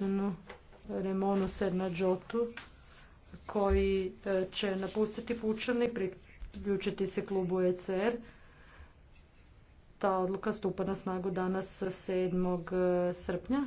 gospodinu Remonu džotu koji e, će napustiti pučani, priključiti se klubu ECR. Ta odluka stupa na snagu danas 7. E, srpnja.